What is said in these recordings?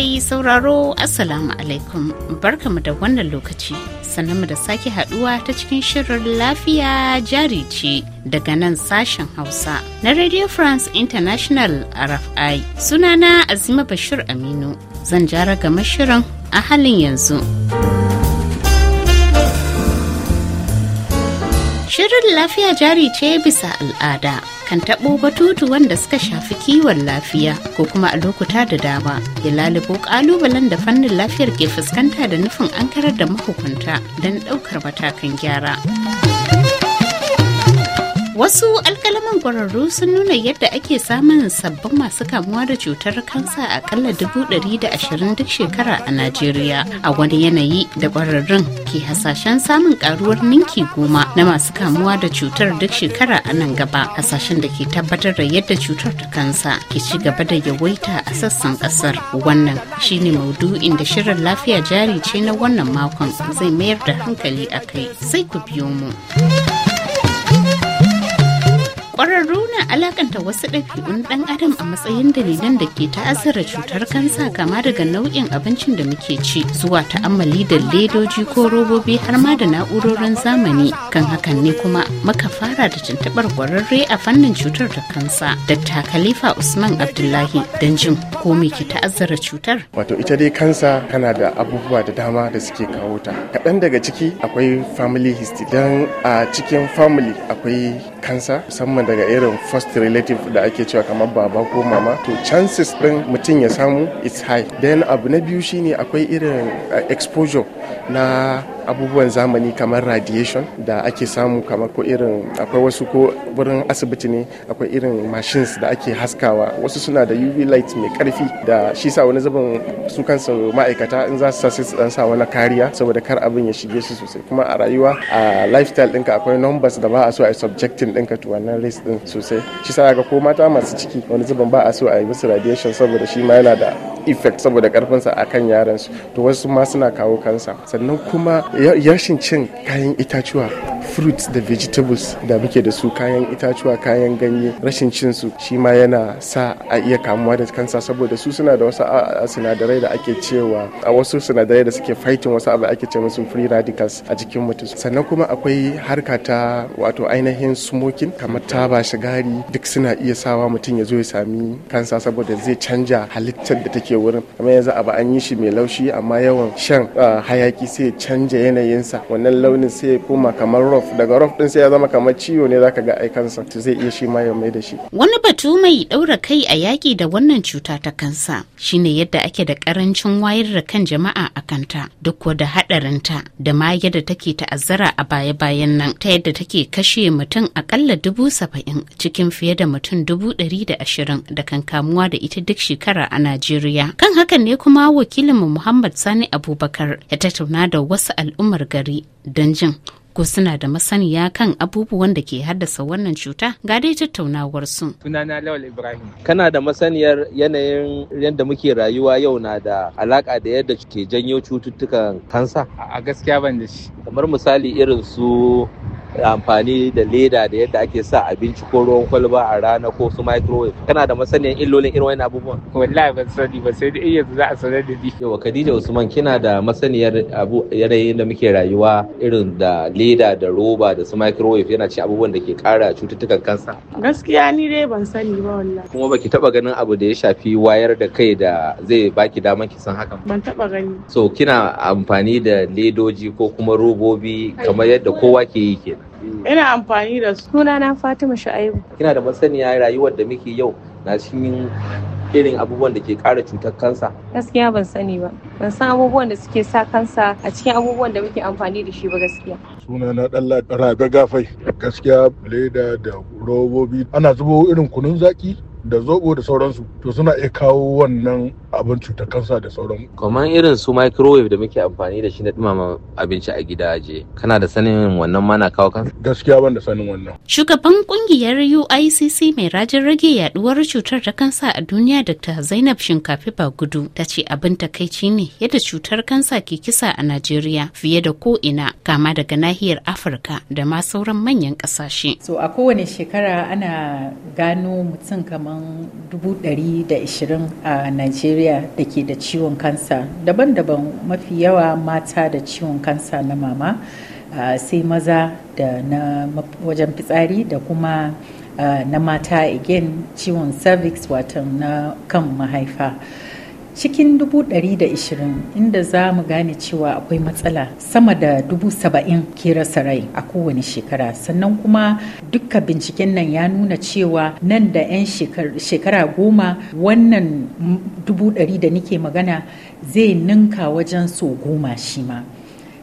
Mai sauraro Assalamu alaikum barkamu da wannan lokaci sannan da sake haduwa ta cikin shirin lafiya jari ce daga nan sashen Hausa na Radio France International RFI sunana Azima Bashir Aminu zan jara gama shirin a halin yanzu. Shirin lafiya jari ce bisa al'ada. kan taɓo batutuwan wanda suka shafi kiwon lafiya ko kuma a lokuta da dama ya lalubo ƙalubalen da fannin lafiyar ke fuskanta da nufin an karar da mahukunta don ɗaukar matakan gyara. Wasu alkalaman kwararru sun nuna yadda ake samun sabbin masu kamuwa da cutar kansa a dubu da ashirin duk shekara a Najeriya a wani yanayi da kwararrun ke hasashen samun karuwar ninki goma na masu kamuwa da cutar duk shekara a nan gaba hasashen da ke tabbatar da yadda cutar ta kansa ke ci gaba da yawaita a sassan kasar wannan shine maudu'in da shirin lafiya jari ce na wannan makon zai mayar da hankali a kai sai ku biyo mu. kwararru na alakanta wasu ɗabi'un ɗan adam a matsayin dalilan da ke ta'azzara cutar kansa kama daga nau'in abincin da muke ci zuwa ta'ammali da ledoji ko robobi har ma da na'urorin zamani kan hakan ne kuma maka fara da tuntuɓar kwararre a fannin cutar da kansa Dr. Khalifa Usman Abdullahi don jin ko me ke ta'azzara cutar. Wato ita dai kansa tana da abubuwa da dama da suke kawo ta. Kaɗan daga ciki akwai family history don a cikin family akwai kansa musamman daga irin first relative da ake cewa kamar baba ko mama to chances din mutum ya samu it's high then abu na biyu shine akwai irin eh, exposure na abubuwan zamani kamar radiation da ake samu kamar ko irin akwai wasu ko wurin asibiti ne akwai irin machines da ake haskawa wasu suna da UV light mai karfi da shi sa wani zubin su kansu ma'aikata in za su sai su dan sa wani kariya saboda kar abin ya shige su sosai kuma a rayuwa a lifestyle ɗinka akwai numbers da ba a so a yi subjecting ɗinka to wannan race ɗin sosai shi sa ga ko mata masu ciki wani zubin ba a so a yi musu radiation saboda shi ma yana da effect saboda karfinsa akan yaran su to wasu ma suna kawo kansa sannan kuma yashin cin kayan itatuwa fruits da vegetables da muke da su kayan itacuwa, kayan ganye rashin cin su shi ma yana sa a iya kamuwa da kansa saboda su suna da wasu sinadarai da ake cewa a wasu sinadarai da suke fighting wasu abu ake ce musu free radicals a jikin mutum sannan kuma akwai harka ta wato ainihin smoking kamar taba shigari duk suna iya sawa mutum ya zo ya sami kansa saboda zai canja halittar da take wurin kamar yanzu abu an yi shi mai laushi amma yawan shan hayaki sai canja yanayinsa wannan launin sai ya koma kamar rof daga rof din sai ya zama kamar ciwo ne zaka ga aikansa to zai iya shi ma ya mai da shi wani batu mai daura kai a yaki da wannan cuta ta kansa shine yadda ake da karancin wayar da kan jama'a a kanta duk da ta da ma yadda take ta'azzara a baya-bayan nan ta yadda take kashe mutum akalla dubu saba'in cikin fiye da mutum dubu ɗari da ashirin da kan kamuwa da ita duk shekara a Najeriya. Kan hakan ne kuma wakilinmu Muhammad Sani Abubakar ya tattauna da wasu al'ummar gari don jin ko suna da masaniya kan abubuwan da ke haddasa wannan cuta ga dai tattaunawar su. Sunana Lawal Ibrahim. Kana da masaniyar yanayin yadda muke rayuwa yau na da alaka da yadda ke janyo cututtukan kansa? A gaskiya ban da shi. Kamar misali irin su amfani da leda da yadda ake sa abinci ko ruwan kwalba a rana ko su microwave kana da masaniyan illolin irin wani abubuwan wallahi ban sani ba sai dai yanzu za a sanar da ni yawa Khadija Usman kina da masaniyar abu yanayin da muke rayuwa irin da leda da roba da su microwave yana ci abubuwan da ke kara cututtukan kansa gaskiya ni dai ban sani ba wallahi kuma baki taba ganin abu da ya shafi wayar da kai da zai baki daman ki san hakan ban taba gani so kina amfani da ledoji ko kuma robobi kamar yadda kowa ke yi ke Eh. ina amfani da su sunana fatima shu'aibu kina da masaniya rayuwar da muke yau na cikin irin abubuwan da ke kara cutar kansa gaskiya ban sani ba ban san abubuwan da suke sa kansa a cikin abubuwan da muke amfani da shi ba gaskiya sunana dalla rabe gafai gaskiya leda da robobi ana zubo irin kunun zaki da zobo da sauransu to suna iya kawo wannan abin cutar kansa da sauran kamar irin su microwave da muke amfani da shi na dumama abinci a gidaje kana da sanin wannan mana kawo kansa gaskiya ban da sanin wannan shugaban kungiyar UICC mai rajin rage yaduwar cutar ta kansa a duniya Dr. Zainab Shinkafi Bagudu ta ce abin takaici ne yadda cutar kansa ke kisa a Najeriya fiye da ko ina kama daga nahiyar Afirka da ma sauran manyan kasashe so a kowane shekara ana gano mutum kamar kamar 120 a Najeriya da ke da ciwon kansa daban-daban mafi yawa mata da ciwon kansa na mama sai maza da na wajen fitsari da kuma na mata again ciwon cervix watan na kan mahaifa. cikin 120 inda za mu gane cewa akwai matsala sama da 70,000 ke rasa rai a kowane shekara sannan kuma dukka binciken nan ya nuna cewa nan da 'yan shekara goma wannan 100,000 da nike magana zai ninka wajen so goma shi ma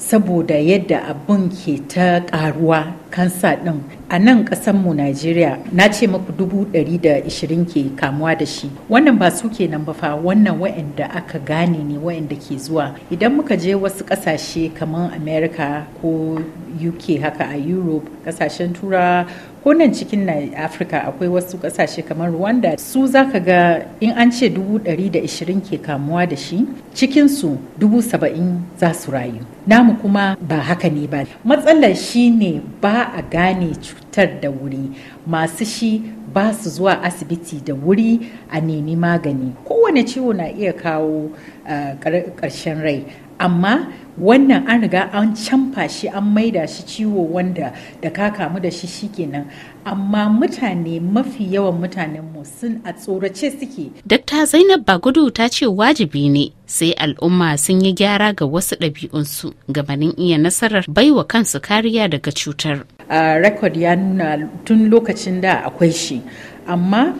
saboda yadda abin ke ta karuwa kansa din a nan mu najeriya na ce muku dubu ɗari da ishirin ke kamuwa da shi wannan ba su ke nan ba fa wannan wa'anda aka gane ne wa'anda ke zuwa idan muka je wasu ƙasashe kamar america ko uk haka a europe ƙasashen tura ko nan cikin na afirka akwai wasu kasashe kamar rwanda su za ka ga in an ce dubu ɗari da ishirin ke kamuwa da shi cikinsu dubu saba'in za su rayu namu kuma ba haka ne ba matsalar shi ne ba a gane cutar da wuri masu shi ba su zuwa asibiti da wuri a nemi magani kowane ciwo na iya kawo eh, ƙarshen rai amma wannan an riga an canfa shi an maida shi ciwo wanda da ka kamu da shi shikenan amma mutane mafi yawan mutanenmu sun a tsorace suke. Dokta Zainab Bagudu ta ce wajibi ne sai al'umma sun yi gyara ga wasu ɗabi'unsu gabanin iya nasarar baiwa kansu kariya daga cutar. A rekod ya nuna tun lokacin da akwai shi, amma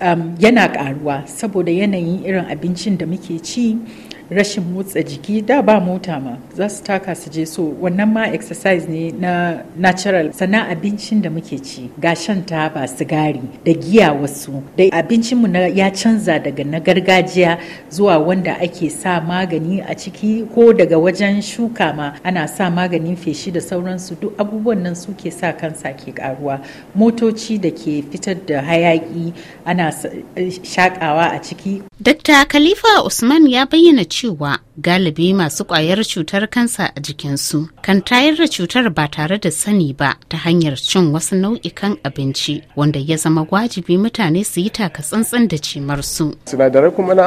um, yana ƙaruwa saboda yanayin irin abincin da muke ci. rashin motsa jiki da ba mota ma za su taka su je so wannan ma exercise ne na natural sannan abincin da muke ci ga shan taba sigari da giya wasu da abincinmu ya canza daga na gargajiya zuwa wanda ake sa magani a ciki ko daga wajen shuka ma ana sa maganin feshi da sauransu duk abubuwan nan suke sa kansa ke karuwa motoci da ke fitar da hayaki ana shakawa a ciki. Dr. Khalifa Usman ya bayyana cewa galibi masu kwayar cutar kansa a jikinsu kan tayar da cutar ba tare da sani ba ta hanyar cin wasu nau'ikan abinci wanda ya zama wajibi mutane su yi taka tsantsan da cimarsu. Sinadarai kuma na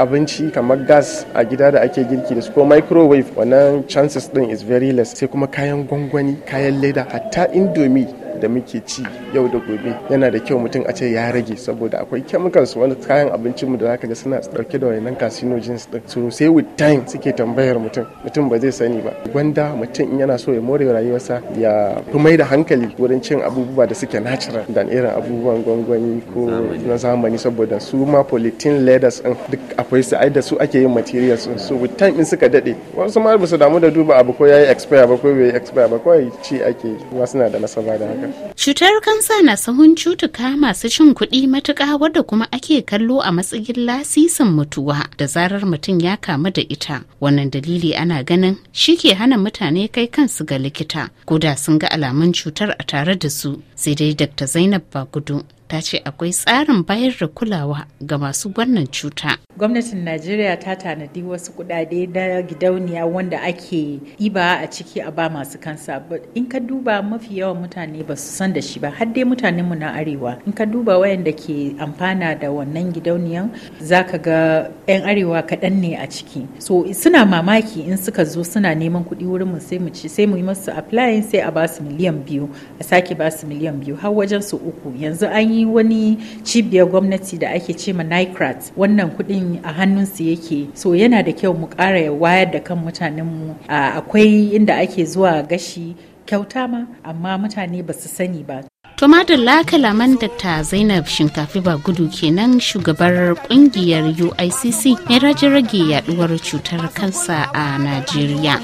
abinci kamar gas a gida da ake girki da su ko microwave wannan chances din is very less sai kuma kayan gwangwani kayan leda hatta indomie da muke ci yau da gobe yana da kyau mutum a ce ya rage saboda akwai chemicals wani kayan mu da zaka ga suna dauke da wayannan carcinogens din so sai with time suke tambayar mutum mutum ba zai sani ba gwanda mutum in yana so ya more rayuwarsa ya fi mai da hankali wurin cin abubuwa da suke natural dan irin abubuwan gwangwani ko na zamani saboda su ma polythene leathers din duk akwai su ai da su ake yin materials din so with time in suka dade wasu ma ba su damu da duba abu ko yayi expire ba ko bai expire ba kawai ci ake wasu na da nasaba da haka Cutar kansa na sahun cutuka masu cin kuɗi matuƙa wadda kuma ake kallo a matsayin lasisin mutuwa da zarar mutum ya kamu da ita. Wannan dalili ana ganin shi ke hana mutane kai kansu ga likita ko da sun ga alamun cutar a tare da su. Sai dai Dr. Zainab Bagudu ta ce akwai tsarin bayar da kulawa ga masu wannan cuta. gwamnatin najeriya ta tanadi wasu kudade na gidauniya wanda ake iba a ciki a ba masu kansa in ka duba mafi yawan mutane ba su san da shi ba har dai mutanen mu na arewa in ka duba wayanda ke amfana da wannan gidauniyan za ka ga 'yan arewa kaɗan ne a ciki so suna mamaki in suka zo suna neman kuɗi wurin mu sai mu ci sai mu yi masu applying sai a ba su miliyan biyu a sake ba su miliyan biyu har wajen su uku yanzu an yi wani cibiyar gwamnati da ake ce ma nicrat wannan kuɗin a hannunsu yake so yana da kyau mu ƙara wayar da kan mutanenmu akwai inda ake zuwa gashi kyauta ma amma mutane ba su sani ba Tumatir kalaman ta Zainab Shinkafi ba gudu kenan shugabar kungiyar UICC mai rajin rage yaduwar cutar kansa a Najeriya.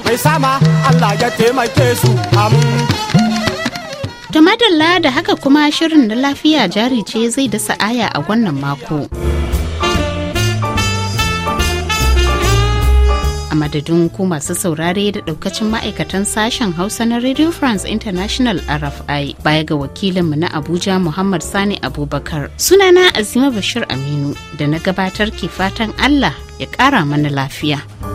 Mai To madalla da haka kuma shirin na lafiya jari ce zai dasa aya a wannan mako. madadin ku masu saurare da daukacin ma'aikatan sashen hausa na radio france international rfi baya ga wakilinmu na abuja muhammad sani abubakar sunana azima bashir aminu da na gabatar ke fatan allah ya kara mana lafiya.